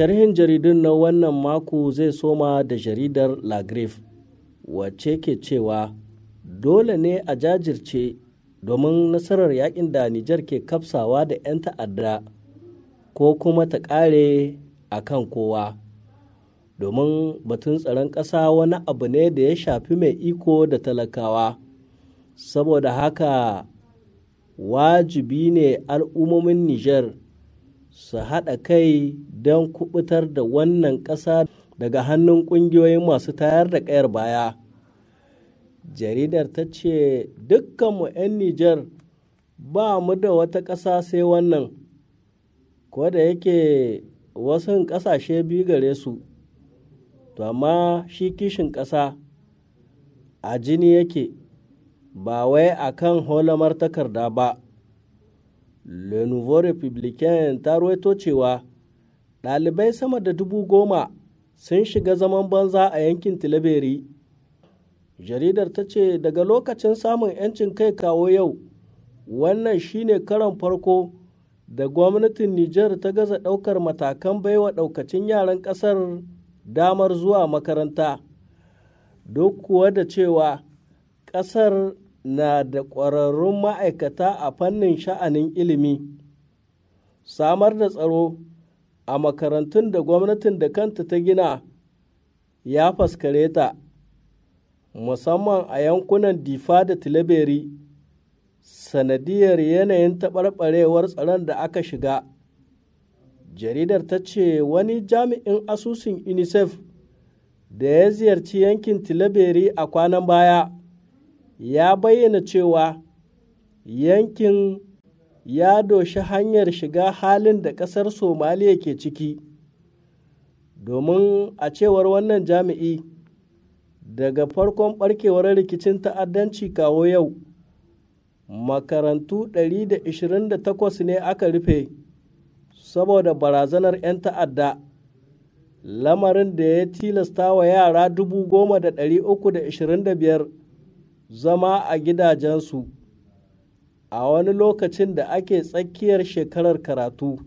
sharhin jaridun na wannan mako zai soma da jaridar lagrif wace ke cewa dole ne a jajirce domin nasarar yakin da nijar ke kafsawa da 'yan ta'adda ko kuma ta kare a kan kowa domin batun tsaron ƙasa wani abu ne da ya shafi mai iko da talakawa saboda haka wajibi ne al'ummomin nijar su haɗa kai don kubutar da wannan ƙasa daga hannun ƙungiyoyin masu tayar da ƙayar baya jaridar ta ce dukkanmu 'yan nijar ba mu da wata ƙasa sai wannan ko da yake wasu ƙasashe biyu gare su to amma shi kishin ƙasa a jini yake ba wai a kan holamar takarda ba Le Nouveau républicain ta ruwaito cewa ɗalibai sama da dubu goma sun shiga zaman banza a yankin Tilaberi. Jaridar ta ce daga lokacin samun 'yancin kai kawo yau, wannan shine karon farko da gwamnatin Nijar ta gaza ɗaukar matakan baiwa ɗaukacin yaran ƙasar damar zuwa makaranta. Duk kuwa da cewa ƙasar na da ƙwararrun ma'aikata a fannin sha'anin ilimi samar da tsaro a makarantun da gwamnatin da kanta ta gina ya faskare ta musamman a yankunan difa da tileberi, sanadiyar yanayin taɓarɓarewar tsaron da aka shiga jaridar ta ce wani jami'in asusun unicef da ya ziyarci yankin tileberi a kwanan baya ya bayyana cewa yankin ya doshi hanyar shiga halin da ƙasar somaliya ke ciki domin a cewar wannan jami'i daga farkon barkewar rikicin ta'addanci kawo yau makarantu 128 ne aka rufe saboda barazanar 'yan ta'adda lamarin da ya tilasta wa yara 10,325 zama a gidajensu a wani lokacin da ake tsakiyar shekarar karatu.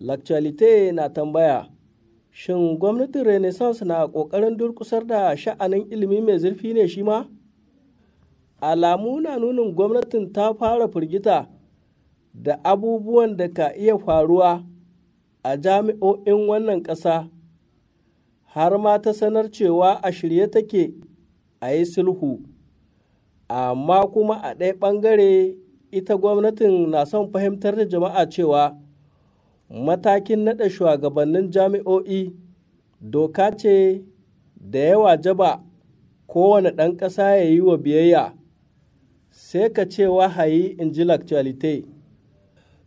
Lactualite na tambaya, shin gwamnatin Renaissance na ƙoƙarin durkusar da sha'anin ilimi mai zurfi ne shi ma? Alamu na nunin gwamnatin ta fara firgita da abubuwan da ka iya faruwa a jami'o'in wannan ƙasa, har ma ta sanar cewa a shirye take a yi sulhu amma kuma a ɗaya ɓangare ita gwamnatin na son fahimtar da jama'a cewa matakin naɗa shugabannin jami'o'i doka ce da yawa jaba kowane ɗan ƙasa ya yi wa biyayya sai ka ce wahayi in ji l'actualité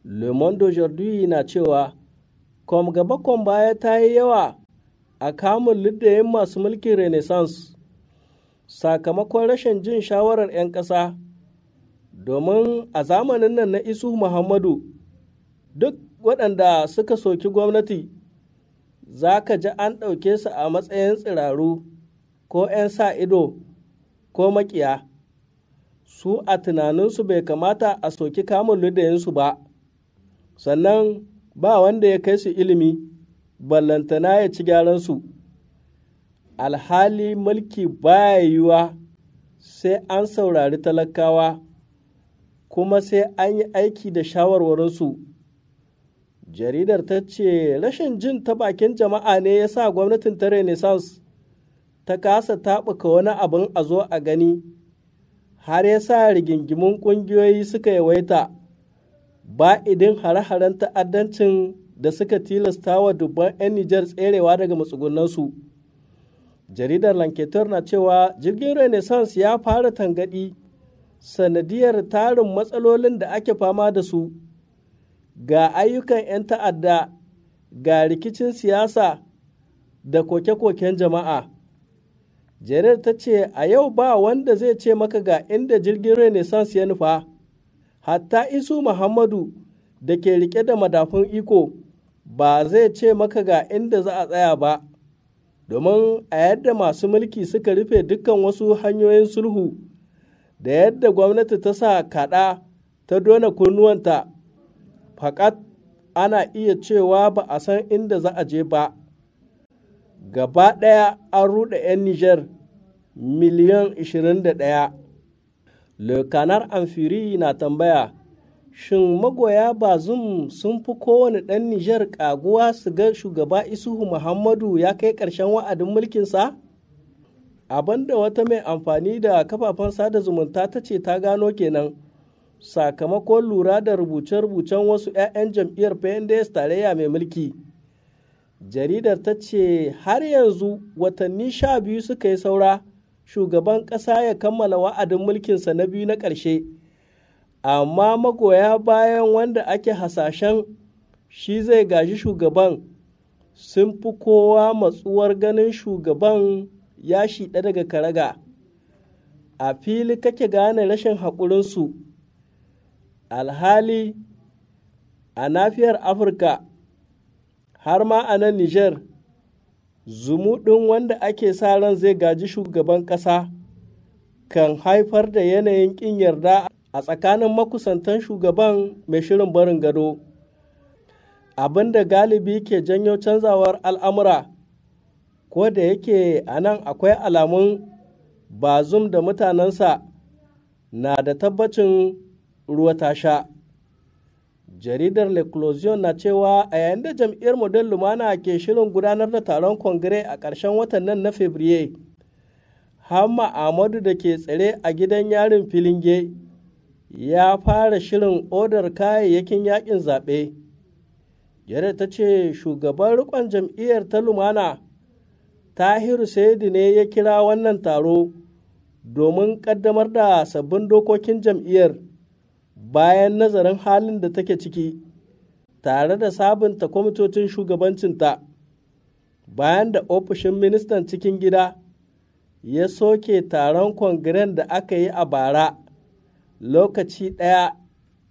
le monde aujourd'hui na cewa kwamgaba gaba ya baya ta yi yawa a kamun liddayin masu mulkin renaissance sakamakon rashin jin shawarar 'yan ƙasa domin a zamanin nan na isu muhammadu duk waɗanda suka soki gwamnati za ka ji an ɗauke su a matsayin tsiraru ko 'yan sa ido ko maƙiya, su a tunaninsu bai kamata a soki kamun ludayinsu ba sannan ba wanda ya kai su ilimi ballantana ya ci gyaransu alhali mulki baya yiwuwa sai an saurari talakawa kuma sai an yi aiki da shawarwarinsu jaridar ta ce rashin jin ta bakin jama'a ne ya sa gwamnatin ta renaissance ta kasa taɓuka wani abin a zo a gani har ya sa rigingimun ƙungiyoyi suka yawaita ba idin hare-haren ta'addancin da suka tilasta wa dubban 'yan nijar tserewa daga matsugunansu. jaridar lanketer na cewa jirgin renaissance ya fara tangadi sanadiyar tarin matsalolin da ake fama da su ga ayyukan 'yan ta'adda ga rikicin siyasa da koke-koken jama'a jaridar ta ce a yau ba wanda zai ce maka ga inda jirgin renaissance ya nufa hatta isu muhammadu da ke rike da madafun iko ba zai ce maka ga inda za a tsaya ba domin a yadda masu mulki suka rufe dukkan wasu hanyoyin sulhu da yadda gwamnati ta sa kaɗa ta dona kunnuwanta fakat ana iya cewa ba a san inda za a je ba gaba ɗaya an ruɗe 'yan niger miliyan 21 le canar amfiri na tambaya shin magoya bazum sun fi kowane ɗan Nijar ƙaguwa su ga shugaba Isuhu Muhammadu ya kai ƙarshen wa'adin mulkinsa? abanda wata mai amfani da kafafen sada zumunta ta ce ta gano kenan sakamakon lura da rubuce-rubucen wasu 'ya'yan jam'iyyar PNDS tarayya mai mulki. Jaridar ta ce har yanzu watanni sha biyu suka yi saura shugaban ƙasa ya kammala wa'adin mulkinsa na biyu na ƙarshe. amma magoya bayan wanda ake hasashen shi zai gaji shugaban sun fi kowa matsuwar ganin shugaban ya shiɗa daga karaga a fili kake gane rashin haƙurinsu alhali a nafiyar afirka har ma a nan niger zumuɗin wanda ake sa ran zai gaji shugaban ƙasa kan haifar da yanayin ƙin yarda a tsakanin makusantan shugaban mai shirin barin gado abin da galibi ke janyo canzawar al'amura ko da yake a nan akwai alamun bazum da mutanensa na da tabbacin ruwa ta sha jaridar l'eclosion na cewa a yayin da jam'iyyar model lumana ke shirin gudanar da taron kongire a ƙarshen watan nan na fabriye hamma amadu da ke tsare a gidan yarin filinge ya fara shirin odar kayayyakin yakin zaɓe. Jere ta ce shugaban rikon jam'iyyar ta lumana Tahiru Saidi ne ya kira wannan taro domin ƙaddamar da sabbin dokokin jam'iyyar bayan nazarin halin da take ciki tare da sabunta kwamitocin shugabancinta bayan da ofishin ministan cikin gida ya soke taron kongiren da aka yi a bara. lokaci ɗaya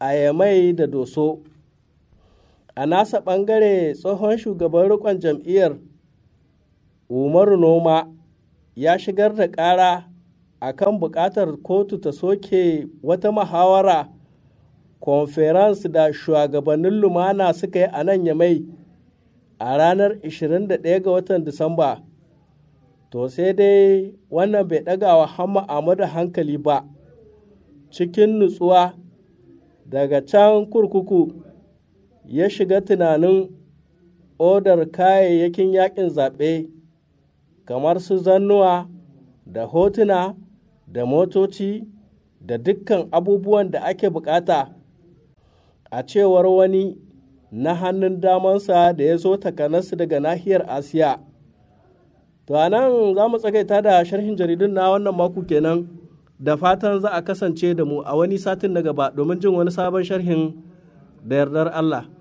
a yamai da doso a nasa ɓangare tsohon shugaban rikon jam'iyyar umaru noma ya shigar da ƙara a kan buƙatar kotu ta soke wata mahawara conference da shugabannin lumana suka yi a nan yamai a ranar 21 ga watan disamba to sai dai wannan bai ɗaga wa hamma da hankali ba cikin nutsuwa daga can kurkuku ya shiga tunanin odar kayayyakin yakin zaɓe kamar su zannuwa da hotuna da motoci da dukkan abubuwan da ake bukata a cewar wani na hannun damansa da ya zo takanarsu daga nahiyar asiya to a nan za mu tsakaita da sharhin jaridun na wannan mako kenan. da fatan za a kasance da mu a wani satin na gaba domin jin wani sabon sharhin da yardar Allah.